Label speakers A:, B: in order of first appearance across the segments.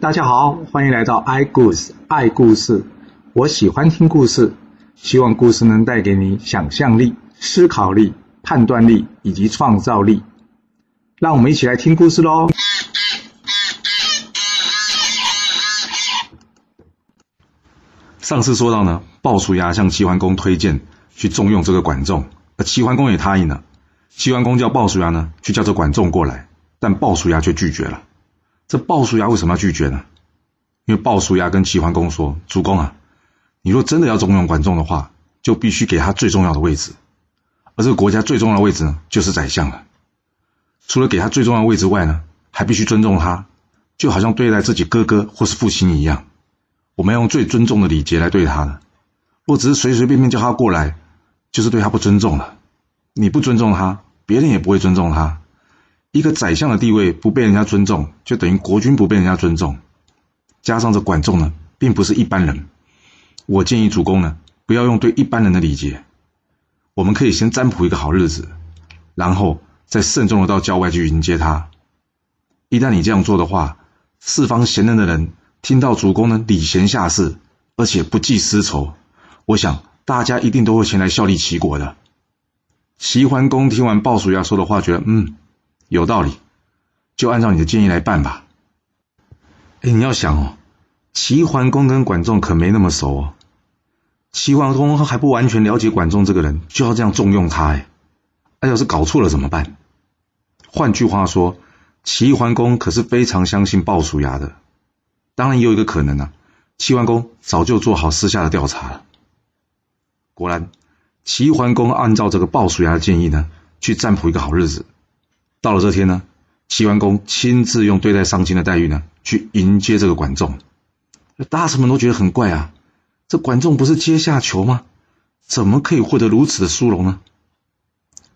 A: 大家好，歡迎來到 i 故事愛故事。我喜歡聽故事，希望故事能帶給你想象力、思考力、判斷力以及創造力。讓我們一起來聽故事嘍。上次說到呢，鮑叔牙向齊桓公推薦去重用這個管仲，而齊桓公也答應了。齊桓公叫鮑叔牙呢去叫這管仲過來，但鮑叔牙卻拒絕了。這鮑叔牙為什麼要拒絕呢？因為鮑叔牙跟齊桓公說：“主公啊，你若真的要重用管仲的話，就必須給他最重要的位置。而這個國家最重要的位置呢，就是宰相了。除了給他最重要的位置外呢，還必須尊重他，就好像對待自己哥哥或是父親一樣。我們要用最尊重的禮節來對他的。若只是隨隨便便叫他過來，就是對他不尊重了。你不尊重他，別人也不會尊重他。”一個宰相的地位不被人家尊重，就等於國君不被人家尊重。加上這管仲呢，並不是一般人。我建議主公呢，不要用對一般人的禮節。我們可以先占卜一個好日子，然後再慎重的到郊外去迎接他。一旦你這樣做的話，四方賢能的人聽到主公呢，禮賢下士，而且不計私仇，我想大家一定都會前來效力齊國的。齊桓公聽完鮑叔牙說的話，覺得嗯。有道理，就按照你的建議來辦吧。哎，你要想哦，齊桓公跟管仲可沒那麼熟哦，齊桓公還不完全了解管仲這個人，就要這樣重用他哎，那要是搞錯了怎麼辦？換句話說，齊桓公可是非常相信鮑叔牙的。當然，也有一個可能呢，啊，齊桓公早就做好私下的調查了。果然，齊桓公按照這個鮑叔牙的建議呢，去占卜一個好日子。到了這天呢，齊桓公親自用對待上卿的待遇呢，去迎接這個管仲。大臣們都覺得很怪啊，這管仲不是階下囚嗎？怎麼可以獲得如此的殊榮呢？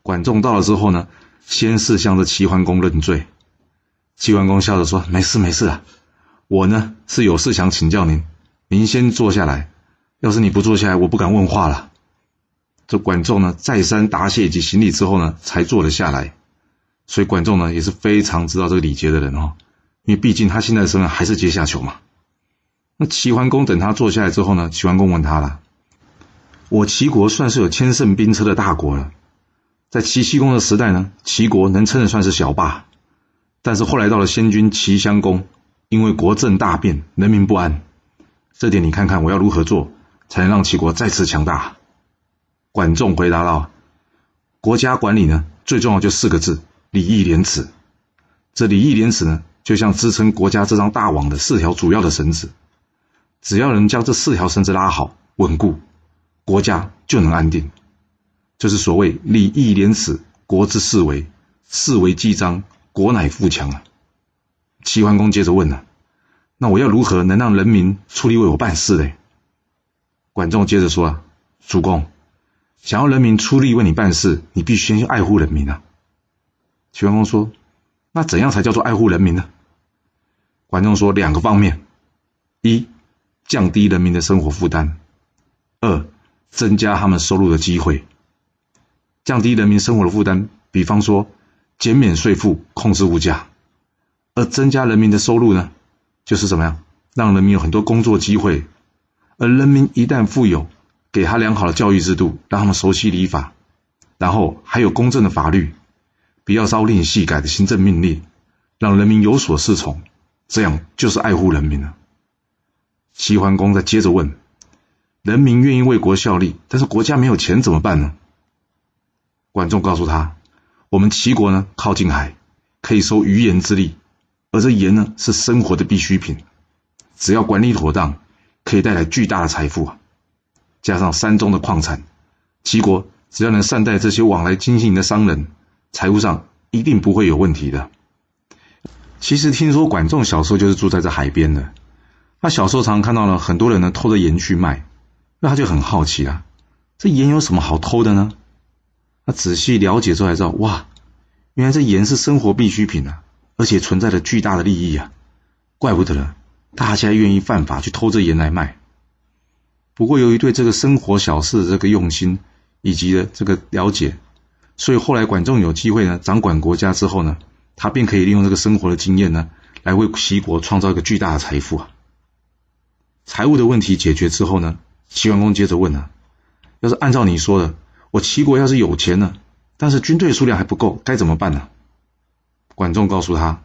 A: 管仲到了之後呢，先是向着齊桓公認罪。齊桓公笑着說：“沒事沒事啊，我呢是有事想請教您，您先坐下來。要是你不坐下來，我不敢問話了。”這管仲呢，再三答謝以及行禮之後呢，才坐了下來。所以管仲呢也是非常知道這個禮節的人哦，因為畢竟他現在的身份還是階下囚嘛。那齊桓公等他坐下來之後呢，齊桓公問他了：“我齊國算是有千乘兵車的大國了，在齊僖公的時代呢，齊國能稱得算是小霸，但是後來到了先君齊襄公，因為國政大變，人民不安。這點你看看我要如何做才能讓齊國再次強大？”管仲回答道：“國家管理呢，最重要就四個字。”禮義廉恥，這禮義廉恥呢，就像支撐國家這張大網的四條主要的繩子。只要能將這四條繩子拉好、穩固，國家就能安定。就是所謂“禮義廉恥，國之四維；四維既張，國乃富強”啊。齊桓公接着問了啊：“那我要如何能讓人民出力為我辦事嘞？”管仲接着說：“啊，主公，想要人民出力為你辦事，你必須先去愛護人民啊。”齊桓公說：“那怎樣才叫做愛護人民呢？”管仲說：“兩個方面，一降低人民的生活負擔，二增加他們收入的機會。降低人民生活的負擔，比方說減免稅負、控制物價；而增加人民的收入呢，就是怎麼樣讓人民有很多工作機會。而人民一旦富有，給他良好的教育制度，讓他們熟悉禮法，然後還有公正的法律。”.不要朝令夕改的行政命令，讓人民有所適從，這樣就是愛護人民了。齊桓公再接着問：“人民願意為國效力，但是國家沒有錢怎麼辦呢？”管仲告訴他：“我們齊國呢，靠近海，可以收漁鹽之利，而這鹽呢，是生活的必需品，只要管理妥當，可以帶來巨大的財富啊！加上山中的礦產，齊國只要能善待這些往來經營的商人。”財務上一定不會有問題的。其實聽說管仲小時候就是住在這海邊的，他小時候常看到了很多人呢偷着鹽去賣，那他就很好奇啊，這鹽有什麼好偷的呢？他仔細了解之後才知道，哇，原來這鹽是生活必需品啊，而且存在着巨大的利益啊，怪不得了大家願意犯法去偷着鹽來賣。不過由於對這個生活小事的這個用心以及這個了解。所以後來管仲有機會呢，掌管國家之後呢，他便可以利用這個生活的經驗呢，來為齊國創造一個巨大的財富啊。財務的問題解決之後呢，齊桓公接着問啊，要是按照你說的，我齊國要是有錢呢、啊，但是軍隊數量還不夠，該怎麼辦呢、啊？管仲告訴他，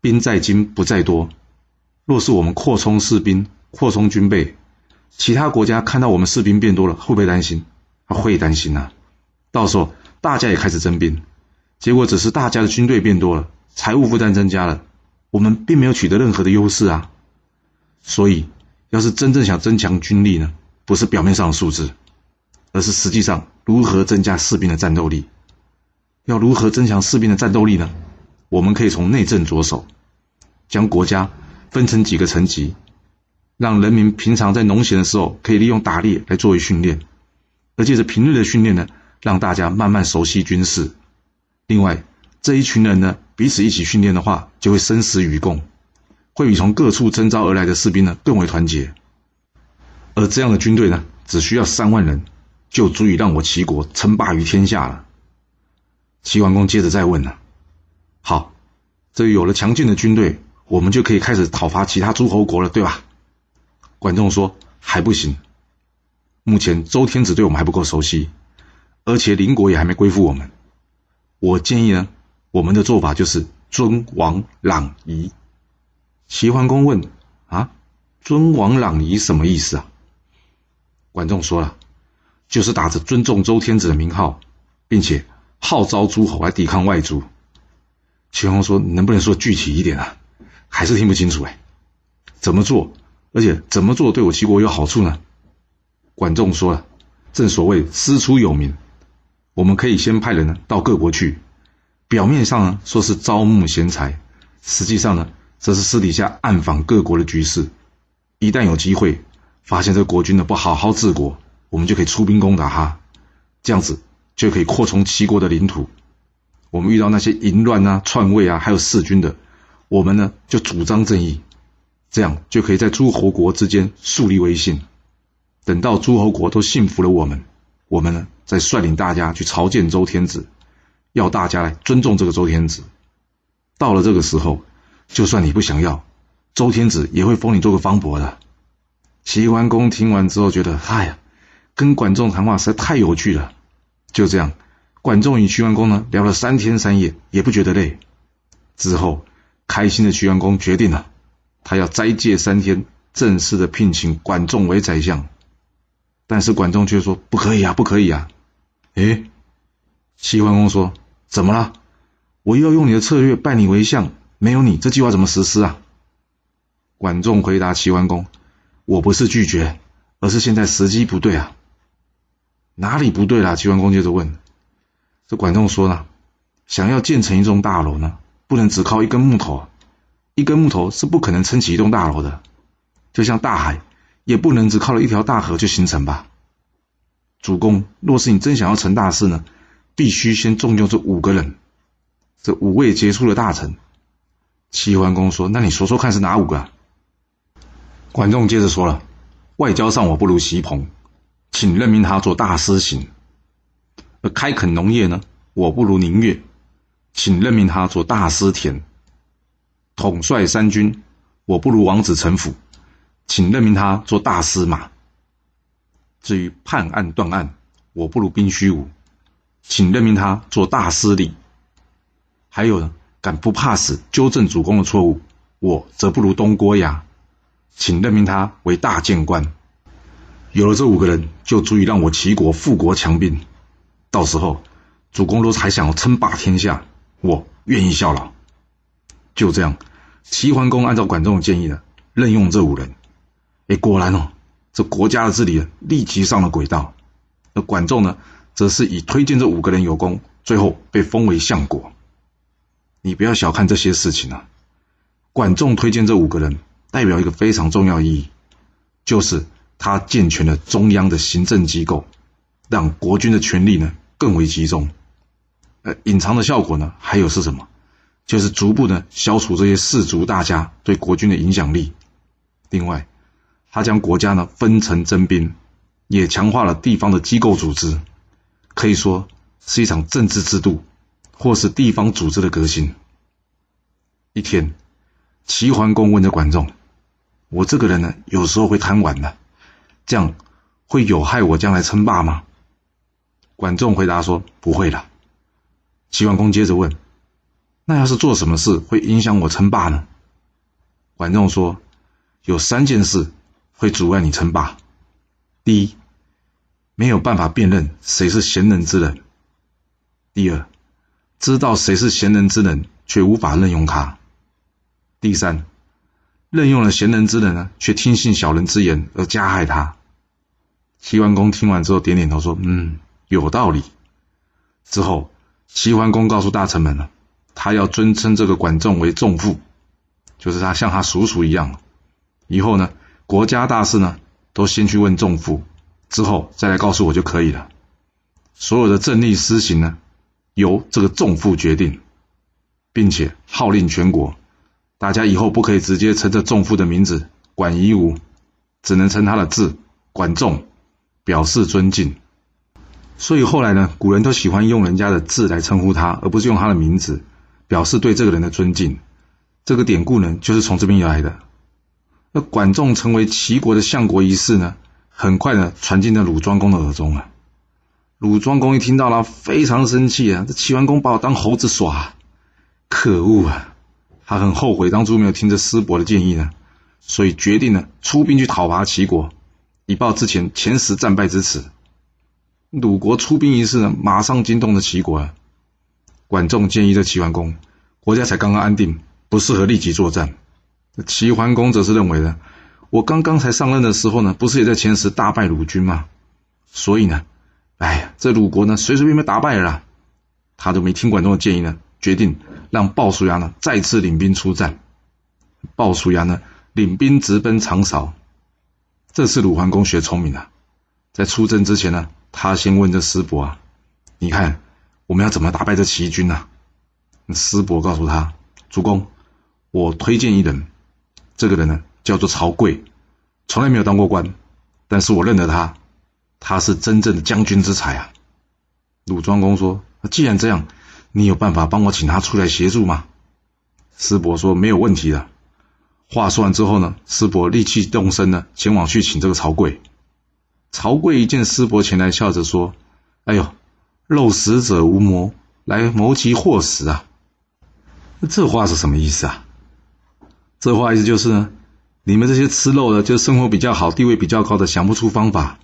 A: 兵在精不在多。若是我們擴充士兵、擴充軍備，其他國家看到我們士兵變多了，會不會擔心？他會擔心吶、啊。到時候。大家也開始徵兵，結果只是大家的軍隊變多了，財務負擔增加了。我們並沒有取得任何的優勢啊！所以，要是真正想增強軍力呢，不是表面上的數字，而是實際上如何增加士兵的戰鬥力。要如何增強士兵的戰鬥力呢？我們可以從內政着手，將國家分成幾個層級，讓人民平常在農閒的時候可以利用打獵來作為訓練，而借着平日的訓練呢，讓大家慢慢熟悉軍事。另外，這一群人呢，彼此一起訓練的話，就會生死與共，會比從各處徵召而來的士兵呢更為團結。而這樣的軍隊呢，只需要三萬人，就足以讓我齊國稱霸於天下了。齊桓公接着再問了：“好，這有了強勁的軍隊，我們就可以開始討伐其他諸侯國了，對吧？”管仲說：“還不行，目前周天子對我們還不夠熟悉。”而且鄰國也還沒歸附我們，我建議呢，我們的做法就是尊王攘夷。齊桓公問：啊，尊王攘夷什麼意思啊？管仲說了，就是打着尊重周天子的名號，並且號召諸侯來抵抗外族。齊桓公說：能不能說具體一點啊？還是聽不清楚哎，怎麼做？而且怎麼做對我齊國有好處呢？管仲說了，正所謂師出有名。我們可以先派人呢到各國去，表面上呢說是招募賢才，實際上呢這是私底下暗訪各國的局勢。一旦有機會發現這個國君呢不好好治國，我們就可以出兵攻打他，這樣子就可以擴充齊國的領土。我們遇到那些淫亂啊、篡位啊、還有弑君的，我們呢就主張正義，這樣就可以在諸侯國之間樹立威信。等到諸侯國都信服了我們，我們呢？再率領大家去朝見周天子，要大家來尊重這個周天子。到了這個時候，就算你不想要，周天子也會封你做個方伯的。齊桓公聽完之後覺得，嗨呀，跟管仲談話實在太有趣了。就這樣，管仲與齊桓公呢聊了三天三夜，也不覺得累。之後，開心的齊桓公決定了，他要齋戒三天，正式的聘請管仲為宰相。但是管仲卻說：“不可以啊，不可以啊。”誒，齊桓公說：“怎麼了？我又要用你的策略，拜你為相，沒有你，這計劃怎麼實施啊？”管仲回答齊桓公：“我不是拒絕，而是現在時機不對啊。”哪裡不對啦、啊？齊桓公接着問。這管仲說呢：“想要建成一棟大樓呢，不能只靠一根木頭，一根木頭是不可能撐起一棟大樓的。就像大海，也不能只靠了一條大河就形成吧。”主公，若是你真想要成大事呢，必須先重用這五個人，這五位傑出的大臣。齊桓公說：“那你說說看是哪五個啊？”管仲接着說了：“外交上我不如隰朋，請任命他做大司行；而開墾農業呢，我不如寧越，請任命他做大司田；統帥三軍，我不如王子成父，請任命他做大司馬。”至於判案斷案，我不如賓須無，請任命他做大司理。還有呢，敢不怕死糾正主公的錯誤，我則不如東郭牙，請任命他為大諫官。有了這五個人，就足以讓我齊國富國強兵。到時候，主公若是還想要稱霸天下，我願意效勞。就這樣，齊桓公按照管仲的建議呢，任用這五人。誒，果然哦。這國家的治理立即上了軌道。而管仲呢，則是以推薦這五個人有功，最後被封為相國。你不要小看這些事情啊！管仲推薦這五個人，代表一個非常重要意義，就是他健全了中央的行政機構，讓國君的權力呢更為集中。呃，隱藏的效果呢，還有是什麼？就是逐步呢消除這些世族大家對國君的影響力。另外。他將國家呢分成徵兵，也強化了地方的機構組織，可以說是一場政治制度或是地方組織的革新。一天，齊桓公問着管仲：“我這個人呢，有時候會貪玩的，這樣會有害我將來稱霸嗎？”管仲回答說：“不會了。”齊桓公接着問：“那要是做什麼事會影響我稱霸呢？”管仲說：“有三件事。”會阻礙你稱霸。第一，沒有辦法辨認誰是賢能之人。第二，知道誰是賢能之人，卻無法任用他；第三，任用了賢能之人呢，卻聽信小人之言而加害他。齊桓公聽完之後，點點頭說：“嗯，有道理。”之後，齊桓公告訴大臣們呢，他要尊稱這個管仲為仲父，就是他像他叔叔一樣。以後呢？國家大事呢，都先去問仲父，之後再來告訴我就可以了。所有的政令施行呢，由這個仲父決定，並且號令全國。大家以後不可以直接稱這仲父的名字管夷吾，只能稱他的字管仲，表示尊敬。所以後來呢，古人都喜歡用人家的字來稱呼他，而不是用他的名字，表示對這個人的尊敬。這個典故呢，就是從這邊來的。那管仲成為齊國的相國一事呢，很快呢傳進了魯莊公的耳中啊。魯莊公一聽到了，非常生氣啊！這齊桓公把我當猴子耍，啊，可惡啊！他很後悔當初沒有聽這師伯的建議呢，所以決定呢出兵去討伐齊國，以報之前乾時戰敗之恥。魯國出兵一事呢，馬上驚動了齊國。啊，管仲建議這齊桓公，國家才剛剛安定，不適合立即作戰。齊桓公則是認為呢，我剛剛才上任的時候呢，不是也在乾時大敗魯軍嗎？所以呢，哎呀，這魯國呢隨隨便便打敗了啦，他都沒聽管仲的建議呢，決定讓鮑叔牙呢再次領兵出戰。鮑叔牙呢領兵直奔長勺，這次魯桓公學聰明了，啊，在出征之前呢，他先問這師伯啊，你看我們要怎麼打敗這齊軍呢？那師伯告訴他，主公，我推薦一人。這個人呢，叫做曹劌，從來沒有當過官，但是我認得他，他是真正的將軍之才啊。魯莊公說：“那既然這樣，你有辦法幫我請他出來協助嗎？”師伯說：“沒有問題的。”話說完之後呢，師伯立即動身了，前往去請這個曹劌。曹劌一見師伯前來，笑着說：“哎呦，肉食者無謀，來謀其禍食啊。”那這話是什麼意思啊？這話意思就是呢，你們這些吃肉的，就是生活比較好、地位比較高的，想不出方法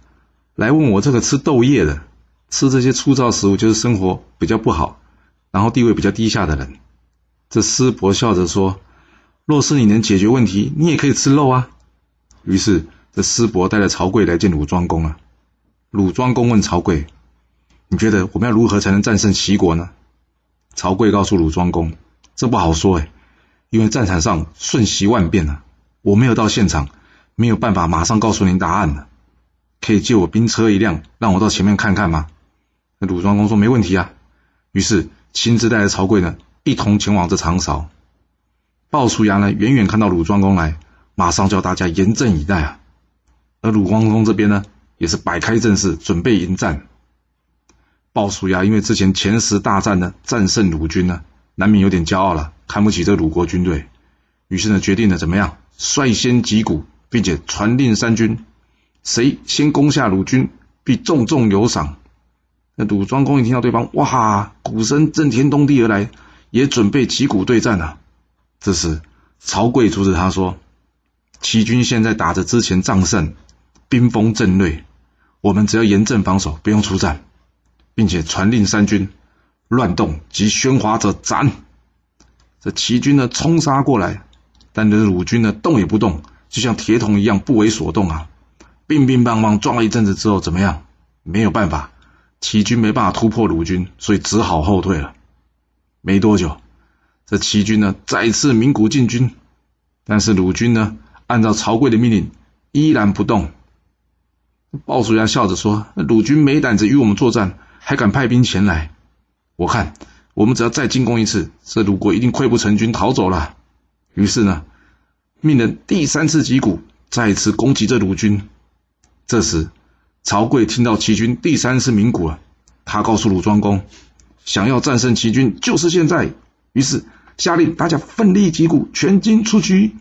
A: 來問我這個吃豆葉的、吃這些粗糙食物，就是生活比較不好，然後地位比較低下的人。這施伯笑着說：“若是你能解決問題，你也可以吃肉啊。”於是這施伯帶着曹劌來見魯莊公啊。魯莊公問曹劌：“你覺得我們要如何才能戰勝齊國呢？”曹劌告訴魯莊公：“這不好說誒、欸因為戰場上瞬息萬變呢、啊，我沒有到現場，沒有辦法馬上告訴您答案呢。可以借我兵車一輛，讓我到前面看看嗎？那魯莊公說沒問題啊。於是親自帶着曹劌呢，一同前往這長勺。鮑叔牙呢，遠遠看到魯莊公來，馬上叫大家嚴陣以待啊。而魯莊公這邊呢，也是擺開陣勢，準備迎戰。鮑叔牙因為之前乾時大戰呢，戰勝魯軍呢，難免有點驕傲了。看不起這魯國軍隊，於是呢，決定呢怎麼樣率先擊鼓，並且傳令三軍，誰先攻下魯軍，必重重有賞。那魯莊公一聽到對方，哇，鼓聲震天動地而來，也準備擊鼓對戰了、啊。這時，曹劌阻止他說：“齊軍現在打着之前仗勝，兵鋒正銳，我們只要嚴陣防守，不用出戰，並且傳令三軍，亂動及喧嘩者斬。”這齊軍呢衝殺過來，但這魯軍呢動也不動，就像鐵桶一樣不為所動啊！乒乒乓乓，乓撞了一陣子之後，怎麼樣？沒有辦法，齊軍沒辦法突破魯軍，所以只好後退了。沒多久，這齊軍呢再次鳴鼓進軍，但是魯軍呢按照曹劌的命令依然不動。鮑叔牙笑着說：“那魯軍沒膽子與我們作戰，還敢派兵前來？我看。”我們只要再進攻一次，這魯國一定潰不成軍，逃走了。於是呢，命人第三次擊鼓，再一次攻擊這魯軍。這時，曹劌聽到齊軍第三次鳴鼓了，他告訴魯莊公，想要戰勝齊軍，就是現在。於是下令大家奮力擊鼓，全軍出擊。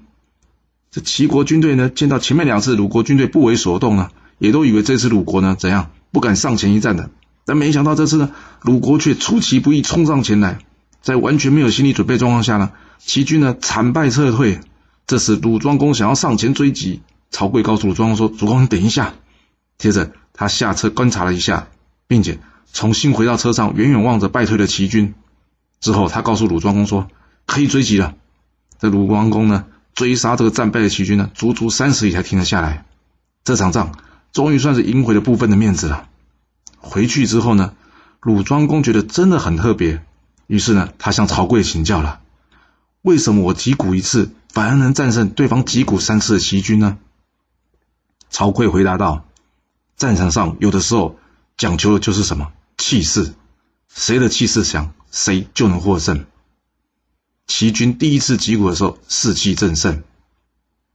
A: 這齊國軍隊呢，見到前面兩次魯國軍隊不為所動啊，也都以為這次魯國呢，怎樣，不敢上前一戰的。但沒想到這次呢，魯國卻出其不意衝上前來，在完全沒有心理準備狀況下呢，齊軍呢慘敗撤退。這時，魯莊公想要上前追擊，曹劌告訴魯莊公說：“主公，你等一下。”接着，他下車觀察了一下，並且重新回到車上，遠遠望着敗退的齊軍。之後，他告訴魯莊公說：“可以追擊了。”這魯莊公呢追殺這個戰敗的齊軍呢，足足三十里才停了下來。這場仗終於算是贏回了部分的面子了。回去之後呢，魯莊公覺得真的很特別，於是呢，他向曹劌請教了為什麼我擊鼓一次反而能戰勝對方擊鼓三次的齊軍呢？曹劌回答道，戰場上有的時候講求的就是什麼？氣勢。誰的氣勢強，誰就能獲勝。齊軍第一次擊鼓的時候士氣正盛，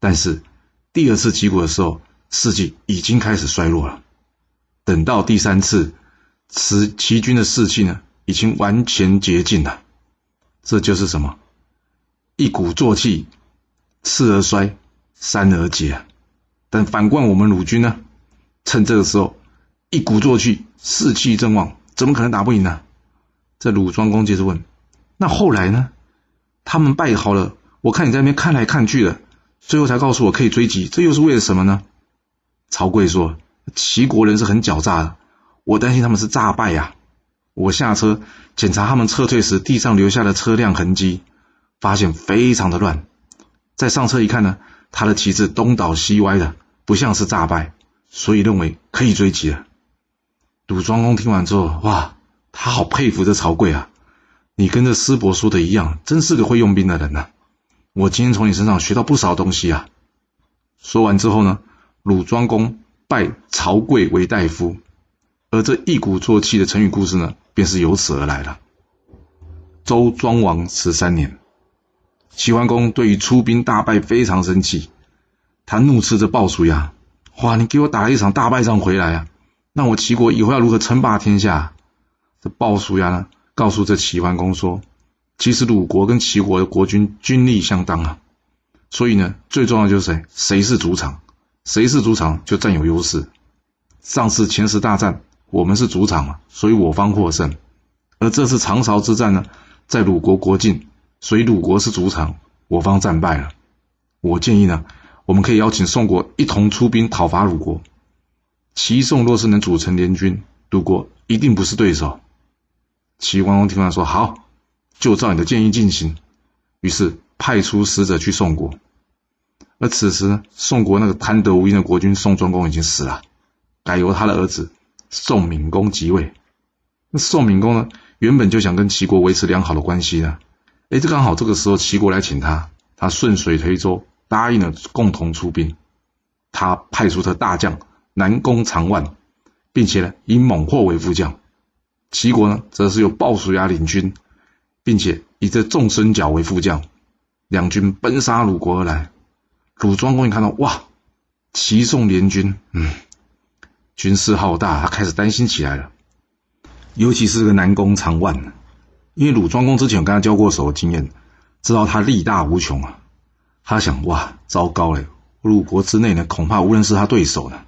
A: 但是第二次擊鼓的時候士氣已經開始衰弱了。等到第三次，齊齊軍的士氣呢，已經完全竭盡了。這就是什麼？一鼓作氣，次而衰，三而竭啊。但反觀我們魯軍呢，趁這個時候一鼓作氣，士氣正旺，怎麼可能打不贏呢？這魯莊公接着問：“那後來呢？他們敗好了，我看你在那邊看來看去的，最後才告訴我可以追擊，這又是為了什麼呢？”曹劌說。齊國人是很狡詐的，我擔心他們是詐敗呀、啊。我下車檢查他們撤退時地上留下的車輛痕跡，發現非常的亂。再上車一看呢，他的旗幟東倒西歪的，不像是詐敗，所以認為可以追擊了。魯莊公聽完之後，哇，他好佩服這曹劌啊！你跟這師伯說的一樣，真是個會用兵的人呢、啊。我今天從你身上學到不少東西啊。說完之後呢，魯莊公。拜曹劌為大夫，而這一鼓作氣的成語故事呢，便是由此而來了。周莊王十三年，齊桓公對於出兵大敗非常生氣，他怒斥着鮑叔牙：“哇，你給我打了一場大敗仗回來啊！那我齊國以後要如何稱霸天下？”這鮑叔牙呢，告訴這齊桓公說：“其實魯國跟齊國的國君軍力相當啊，所以呢，最重要的就是誰誰是主場。”誰是主場就占有優勢。上次乾時大戰，我們是主場嘛，所以我方獲勝。而這次長勺之戰呢，在魯國國境，所以魯國是主場，我方戰敗了。我建議呢，我們可以邀請宋國一同出兵討伐魯國。齊宋若是能組成聯軍，魯國一定不是對手。齊桓公聽完說好，就照你的建議進行，於是派出使者去宋國。而此時呢，宋國那個貪得無厭的國君宋莊公已經死了，改由他的兒子宋閔公即位。那宋閔公呢，原本就想跟齊國維持良好的關係呢，哎，這剛好這個時候齊國來請他，他順水推舟答應了共同出兵。他派出他大將南宮長萬，並且呢以猛獲為副將；齊國呢則是由鮑叔牙領軍，並且以這仲孫角為副將，兩軍奔殺魯國而來。魯莊公一看到，哇，齊宋聯軍，嗯，軍勢浩大，他開始擔心起來了。尤其是這個南宮長萬，因為魯莊公之前跟他交過手的時候經驗，知道他力大無窮啊。他想，哇，糟糕了，魯國之內呢，恐怕無人是他對手了。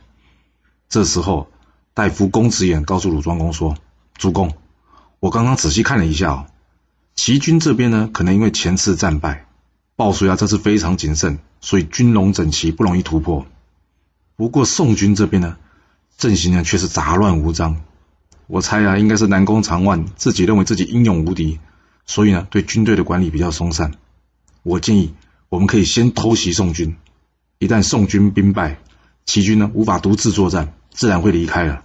A: 這時候，大夫公子偃告訴魯莊公說：“主公，我剛剛仔細看了一下哦，齊軍這邊呢，可能因為前次戰敗。”鮑叔牙這次非常謹慎，所以軍容整齊，不容易突破。不過宋軍這邊呢，陣型呢卻是雜亂無章。我猜啊，應該是南宮長萬自己認為自己英勇無敵，所以呢對軍隊的管理比較鬆散。我建議我們可以先偷襲宋軍，一旦宋軍兵敗，齊軍呢無法獨自作戰，自然會離開了。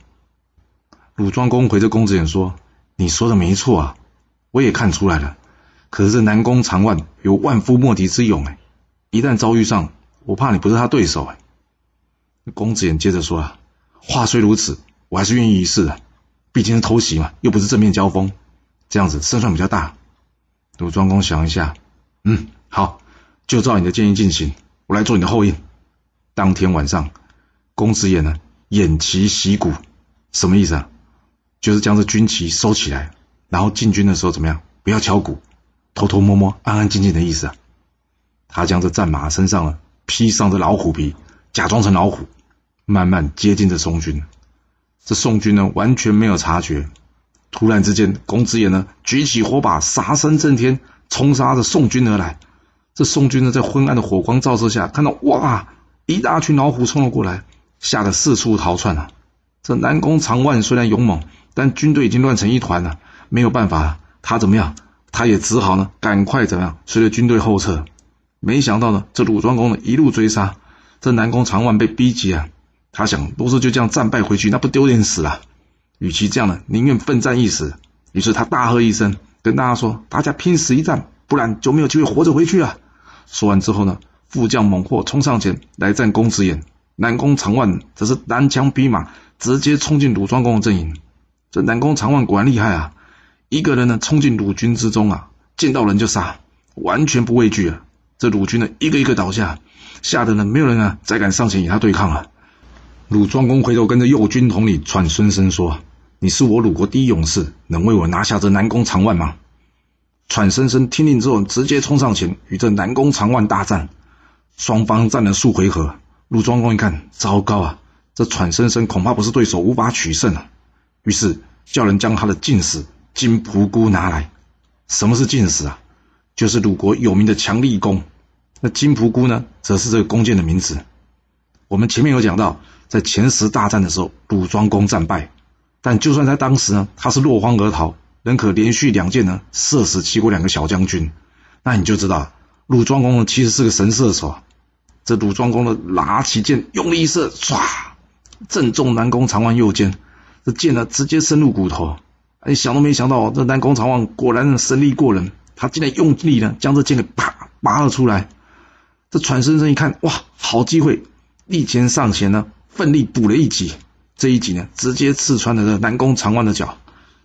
A: 魯莊公回着公子偃說：“你說的沒錯啊，我也看出來了。”可是南宮長萬有萬夫莫敵之勇哎，一旦遭遇上，我怕你不是他對手哎。公子偃接着說啊，話雖如此，我還是願意一試的，啊，畢竟是偷襲嘛，又不是正面交鋒，這樣子勝算比較大。魯莊公想一下，嗯，好，就照你的建議進行，我來做你的後應。當天晚上，公子偃呢，啊，偃旗息鼓，什麼意思啊？就是將這軍旗收起來，然後進軍的時候怎麼樣，不要敲鼓。偷偷摸摸，安安靜靜的意思啊，他將這戰馬身上呢披上這老虎皮，假裝成老虎，慢慢接近這宋軍。這宋軍呢完全沒有察覺，突然之間，公子偃呢舉起火把，殺聲震天，衝殺着宋軍而來。這宋軍呢在昏暗的火光照射下，看到哇，一大群老虎衝了過來，嚇得四處逃竄啊。這南宮長萬雖然勇猛，但軍隊已經亂成一團了，啊，沒有辦法，啊，他怎麼樣？他也只好呢，趕快怎麼樣？隨着軍隊後撤，沒想到呢，這魯莊公呢一路追殺，這南宮長萬被逼急啊，他想若是就這樣戰敗回去，那不丟人死了啊？與其這樣呢，寧願奮戰一死。於是他大喝一聲，跟大家說：“大家拼死一戰，不然就沒有機會活着回去啊！”說完之後呢，副將猛獲衝上前來戰公子偃，南宮長萬則是單槍匹馬直接衝進魯莊公的陣營。這南宮長萬果然厲害啊！一個人呢，衝進魯軍之中啊，見到人就殺，完全不畏懼啊。這魯軍呢，一個一個倒下，嚇得呢，沒有人啊，再敢上前與他對抗啊。魯莊公回頭跟着右軍統領歂孫生說：“你是我魯國第一勇士，能為我拿下這南宮長萬嗎？”歂孫生聽令之後，直接衝上前與這南宮長萬大戰。雙方戰了數回合，魯莊公一看，糟糕啊，這歂孫生恐怕不是對手，無法取勝啊。於是叫人將他的禁士金僕姑拿來，什麼是進士啊？就是魯國有名的強力弓。那金僕姑呢，則是這個弓箭的名字。我們前面有講到，在乾時大戰的時候，魯莊公戰敗，但就算在當時呢，他是落荒而逃，仍可連續兩箭呢，射死齊國兩個小將軍。那你就知道，魯莊公呢其實是個神射手。這魯莊公呢，拿起箭，用力一射，唰，正中南宮長萬右肩，這箭呢，直接深入骨頭。哎，想都沒想到，這南宮長萬果然神力過人，他竟然用力呢將這劍給啪，拔了出來。這喘聲聲一看，哇，好機會，立即上前呢，奮力補了一擊。這一擊呢，直接刺穿了這南宮長萬的腳。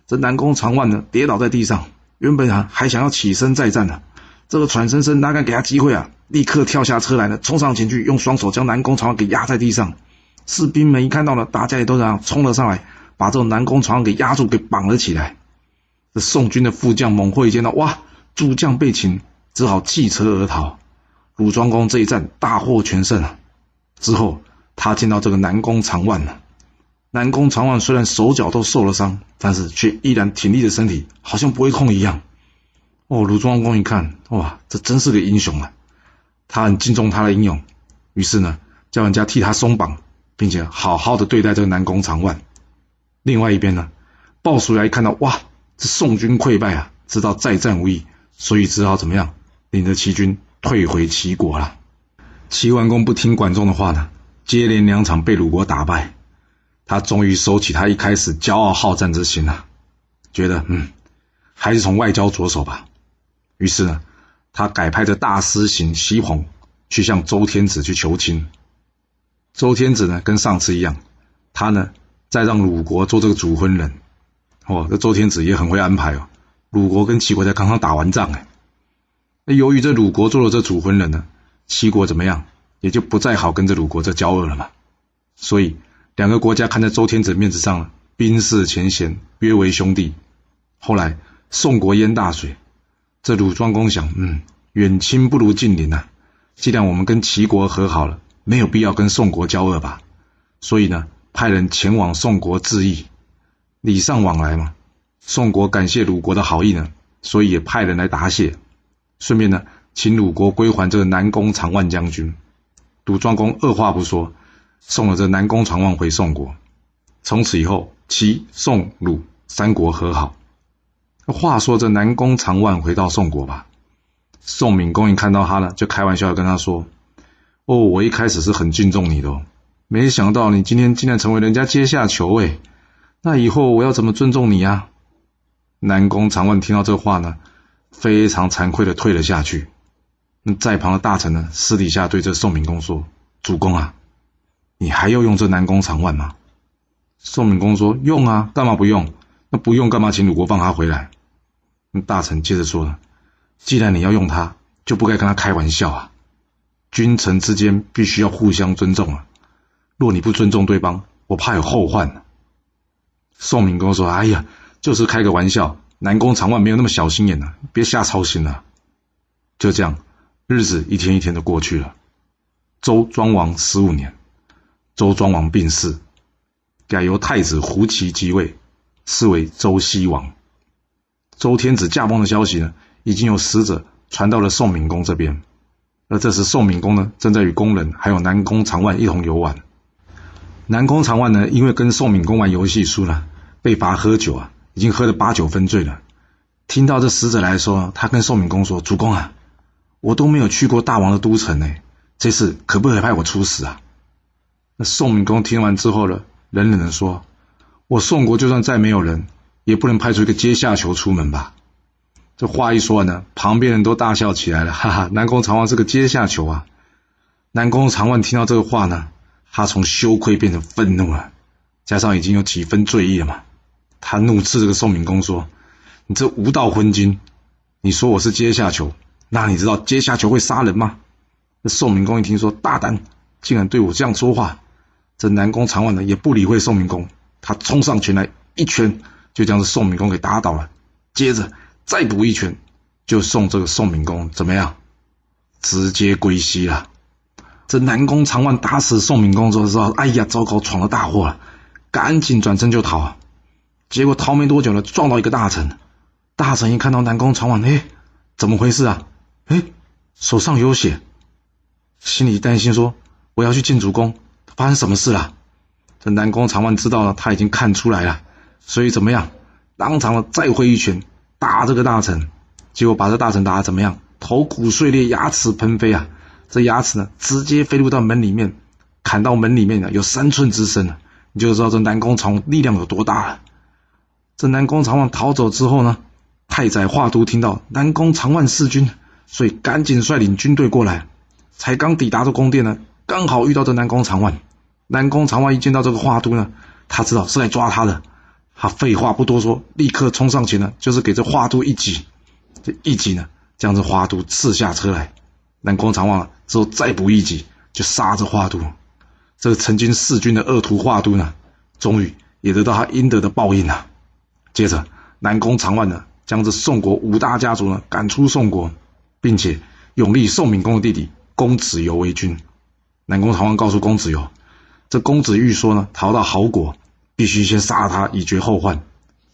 A: 這南宮長萬呢，跌倒在地上，原本啊還想要起身再戰呢、啊。這個喘聲聲哪敢給他機會啊？立刻跳下車來了，衝上前去，用雙手將南宮長萬給壓在地上。士兵們一看到了，大家也都這樣衝了上來。把這個南宮長萬給壓住，給綁了起來。這宋軍的副將猛獲一見到，哇，主將被擒，只好棄車而逃。魯莊公這一戰大獲全勝啊！之後他見到這個南宮長萬呢，南宮長萬雖然手腳都受了傷，但是卻依然挺立着身體，好像不會痛一樣。哦，魯莊公一看，哇，這真是個英雄啊！他很敬重他的英勇，於是呢，叫人家替他鬆綁，並且好好的對待這個南宮長萬。另外一邊呢，鮑叔牙一看到，哇，這宋軍潰敗啊，知道再戰無益，所以只好怎麼樣，領着齊軍退回齊國了。齊桓公不聽管仲的話呢，接連兩場被魯國打敗，他終於收起他一開始驕傲好戰之心了，覺得，嗯，還是從外交着手吧。於是呢，他改派着大師行西紅去向周天子去求親。周天子呢，跟上次一樣，他呢。再讓魯國做這個主婚人，哦，這周天子也很會安排哦。魯國跟齊國才剛剛打完仗，哎、誒，那由於這魯國做了這主婚人呢，啊，齊國怎麼樣，也就不再好跟着魯國這交惡了嘛。所以兩個國家看在周天子面子上，了，冰釋前嫌，約為兄弟。後來宋國淹大水，這魯莊公想，嗯，遠親不如近鄰吶，啊。既然我們跟齊國和好了，沒有必要跟宋國交惡吧。所以呢。派人前往宋國致意，禮尚往來嘛。宋國感謝魯國的好意呢，所以也派人來答謝，順便呢，請魯國歸還這個南宮長萬將軍。魯莊公二話不說，送了這南宮長萬回宋國。從此以後，齊、宋、魯三國和好。話說這南宮長萬回到宋國吧，宋閔公一看到他呢，就開玩笑跟他說：“哦，我一開始是很敬重你的哦。”沒想到你今天竟然成為人家階下囚哎、欸，那以後我要怎麼尊重你呀、啊？南宮長萬聽到這話呢，非常慚愧的退了下去。那在旁的大臣呢，私底下對這宋閔公說：“主公啊，你還要用這南宮長萬嗎？”宋閔公說：“用啊，幹嘛不用？那不用幹嘛？請魯國放他回來。”那大臣接着說：呢：“既然你要用他，就不該跟他開玩笑啊！君臣之間必須要互相尊重啊！”若你不尊重對方，我怕有後患、啊。宋閔公說：“哎呀，就是開個玩笑，南宮長萬沒有那麼小心眼呢、啊，別瞎操心了、啊。”就這樣，日子一天一天的過去了。周莊王十五年，周莊王病逝，改由太子胡齊即位，是為周西王。周天子駕崩的消息呢，已經有使者傳到了宋閔公這邊。而這時，宋閔公呢，正在與宮人還有南宮長萬一同遊玩。南宮長萬呢，因為跟宋閔公玩遊戲輸了，被罰喝酒啊，已經喝了八九分醉了。聽到這使者來說，他跟宋閔公說：“主公啊，我都沒有去過大王的都城呢、欸，這次可不可以派我出使啊？”那宋閔公聽完之後呢，冷冷的說：“我宋國就算再沒有人，也不能派出一個階下囚出門吧。”這話一說呢，旁邊人都大笑起來了，哈哈！南宮長萬這個階下囚啊，南宮長萬聽到這個話呢。他從羞愧變成憤怒啊，加上已經有幾分醉意了嘛，他怒斥這個宋明公說：“你這無道昏君，你說我是階下囚，那你知道階下囚會殺人嗎？”那宋明公一聽說，大膽竟然對我這樣說話。這南宮長萬呢也不理會宋明公，他衝上前來一拳就將這宋明公給打倒了，接着再補一拳，就送這個宋明公怎麼樣，直接歸西了。這南宮長萬打死宋閔公，之後，哎呀，糟糕，闖了大禍了，趕緊轉身就逃。結果逃沒多久了，撞到一個大臣。大臣一看到南宮長萬，哎，怎麼回事啊？哎，手上有血，心裡擔心說我要去見主公，發生什麼事了啊？這南宮長萬知道了，他已經看出來了，所以怎麼樣，當場了再揮一拳打這個大臣，結果把這大臣打得怎麼樣？頭骨碎裂，牙齒噴飛啊！這牙齒呢，直接飛入到門裡面，砍到門裡面了，有三寸之深了。你就知道這南宮長萬力量有多大了。這南宮長萬逃走之後呢，太宰華都聽到南宮長萬弒君，所以趕緊率領軍隊過來。才剛抵達這宮殿呢，剛好遇到這南宮長萬。南宮長萬一見到這個華都呢，他知道是來抓他的，他廢話不多說，立刻衝上前呢，就是給這華都一戟，這一戟呢，將這華都刺下車來。南宮長萬了之後，再補一擊就殺這華督，這個曾經弒君的惡徒華督呢，終於也得到他應得的報應了。接着，南宮長萬呢將這宋國五大家族呢趕出宋國，並且擁立宋閔公的弟弟公子游為君。南宮長萬告訴公子游，這公子御說呢，逃到豪國，必須先殺了他以絕後患。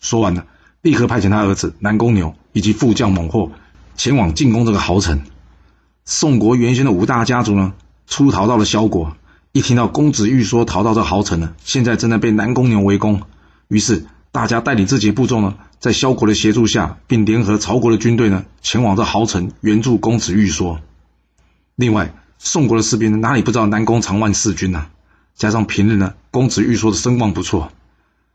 A: 說完呢，立刻派遣他兒子南宮牛以及副將猛獲前往進攻這個豪城。宋國原先的五大家族呢，出逃到了蕭國。一聽到公子御說，逃到這豪城呢，現在正在被南宮牛圍攻。於是大家帶領自己的部眾呢，在蕭國的協助下，並聯合曹國的軍隊呢，前往這豪城援助，公子御說。另外，宋國的士兵呢哪裡不知道南宮長萬弒君，呢、啊？加上平日呢，公子御說的聲望不錯，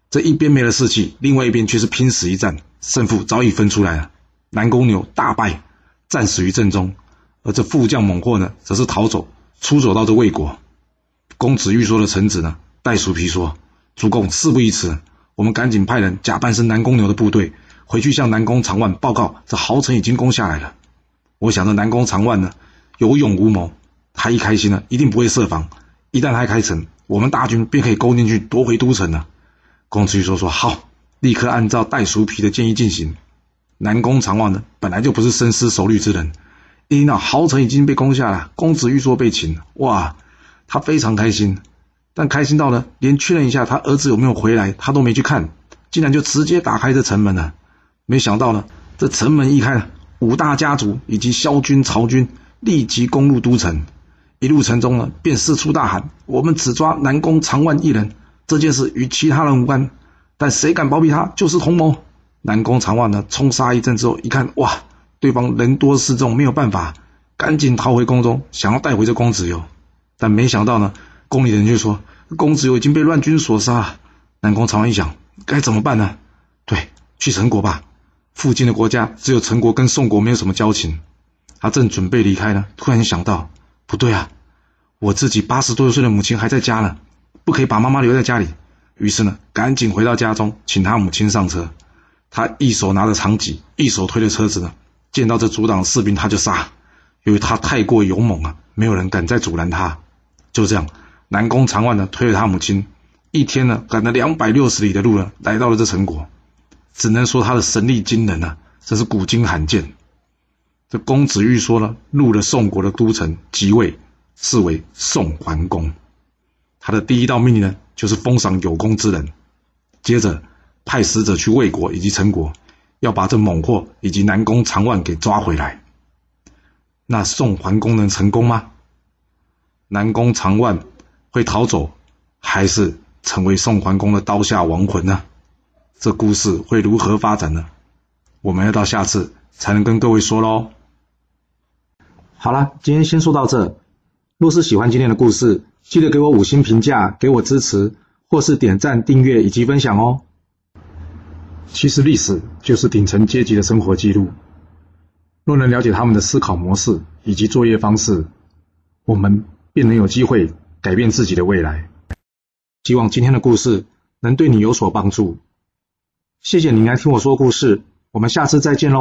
A: 這一邊沒了士氣，另外一邊卻是拼死一戰，勝負早已分出來了。南宮牛大敗，戰死於陣中。而這副將猛獲呢，則是逃走，出走到這魏國。公子玉說的臣子呢，戴叔皮說：“主公，事不宜遲，我們趕緊派人假扮成南宮牛的部隊，回去向南宮長萬報告，這亳城已經攻下來了。我想着南宮長萬呢，有勇無謀，他一開心了，一定不會設防。一旦他開城，我們大軍便可以攻進去奪回都城了。”公子玉說，說：“說好，立刻按照戴叔皮的建議進行。南宮長萬呢，本來就不是深思熟慮之人。”你呢豪城已經被攻下了，公子御說被擒，哇，他非常開心，但開心到了連確認一下他兒子有沒有回來，他都沒去看，竟然就直接打開這城門了。沒想到呢，這城門一開，五大家族以及蕭軍、曹軍立即攻入都城，一入城中呢，便四處大喊：“我們只抓南宮長萬一人，這件事與其他人無關，但誰敢包庇他，就是同謀。”南宮長萬呢，衝殺一陣之後，一看，哇！對方人多勢眾，沒有辦法，趕緊逃回宮中，想要帶回這公子游，但沒想到呢，宮裡的人就說公子游已經被亂軍所殺了。南宮長萬一想，該怎麼辦呢？對，去陳國吧。附近的國家只有陳國跟宋國沒有什麼交情。他正準備離開呢，突然想到，不對啊，我自己八十多歲的母親還在家呢，不可以把媽媽留在家裡。於是呢，趕緊回到家中，請他母親上車。他一手拿着長戟，一手推着車子呢。見到這阻擋的士兵，他就殺。由於他太過勇猛啊，沒有人敢再阻攔他。就這樣，南宮長萬呢，推着他母親，一天呢，趕了兩百六十里的路呢，來到了這陳國。只能說他的神力驚人啊，這是古今罕見。這公子御說了，入了宋國的都城，即位，是為宋桓公。他的第一道命令呢，就是封賞有功之人。接着，派使者去衛國以及陳國。要把這猛獲、以及南宮長萬給抓回來，那宋桓公能成功嗎？南宮長萬會逃走，還是成為宋桓公的刀下亡魂呢？這故事會如何發展呢？我們要到下次才能跟各位說嘍。好了，今天先說到這。若是喜歡今天的故事，記得給我五星評價，給我支持，或是點贊、訂閱以及分享哦。其實歷史就是頂層階級的生活記錄。若能了解他們的思考模式以及作業方式，我們便能有機會改變自己的未來。希望今天的故事能對你有所幫助。謝謝你來聽我說故事，我們下次再見嘍。